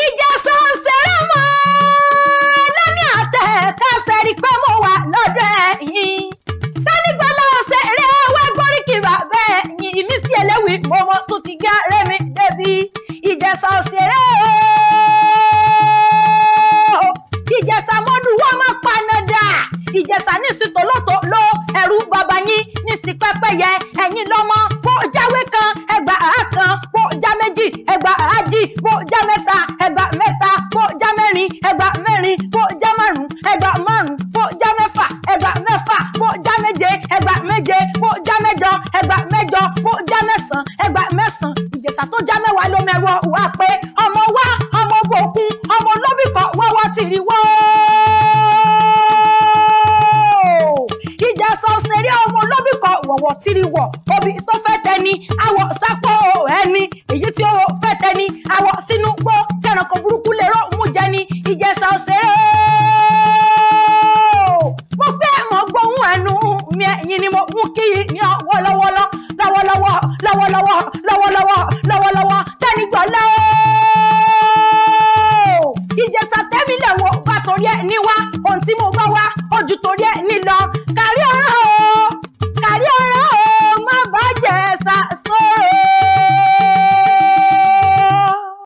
ìjà sọ̀nsẹ̀rẹ̀ mọ́ lẹ́mí àtẹ kásẹ̀ rí pé mo wà lọ́dọ̀ ẹ̀yìn tánigbọ́lá ọ̀sẹ̀ rẹ̀ wá gbórí kí bàbá ẹ̀yìn ìmísí ẹlẹ́wì mọ́mọ́ tún ti gá rẹ́mi débi ìjà sọ̀nsẹ̀rẹ̀ o ìjẹ̀sà mọ́dù wọ́n máa paná dà ìjẹ̀sà ní sí tòlótòló ẹ̀rú bàbá yín ní sí pẹ́pẹ́yẹ ẹ̀yìn lọ́mọ́ ẹgbà márùn kó já mẹ́fà ẹgbà mẹ́fà kó já méje ẹgbà méje kó já mẹ́jọ ẹgbà mẹ́jọ kó já mẹ́sàn ẹgbà mẹ́sàn ìjẹ̀ṣà tó já mẹ́wàá ló mẹ́wọ́ wá pé ọmọ wá ọmọ bòkun ọmọ olóbìkọ wọ́wọ́ tìrì wọ́. ìjẹ̀ṣà òṣèré ọmọ olóbìkọ wọ̀wọ̀ tìrì wọ̀ obì tó fẹ́ tẹni àwọ̀ sápò ẹni èyí tí ó fẹ́ tẹni àwọ̀ sínú gbó kẹrànkọ burúkú lè rọ́ mú jẹni ìjẹ̀ṣà òṣèré. yín ni mo mú kí yín ní ọwọ́ lọ́wọ́lọ́ lọ́wọ́lọ́wọ́ lọ́wọ́lọ́wọ́ lọ́wọ́lọ́wọ́ lọ́wọ́lọ́wọ́ tẹ́ni gbọ́lẹ́ o. ìjẹsà tẹ́mi lẹ̀ wọ bá torí ẹ̀ níwá ohun tí mo bá wá ojú torí ẹ̀ nílọ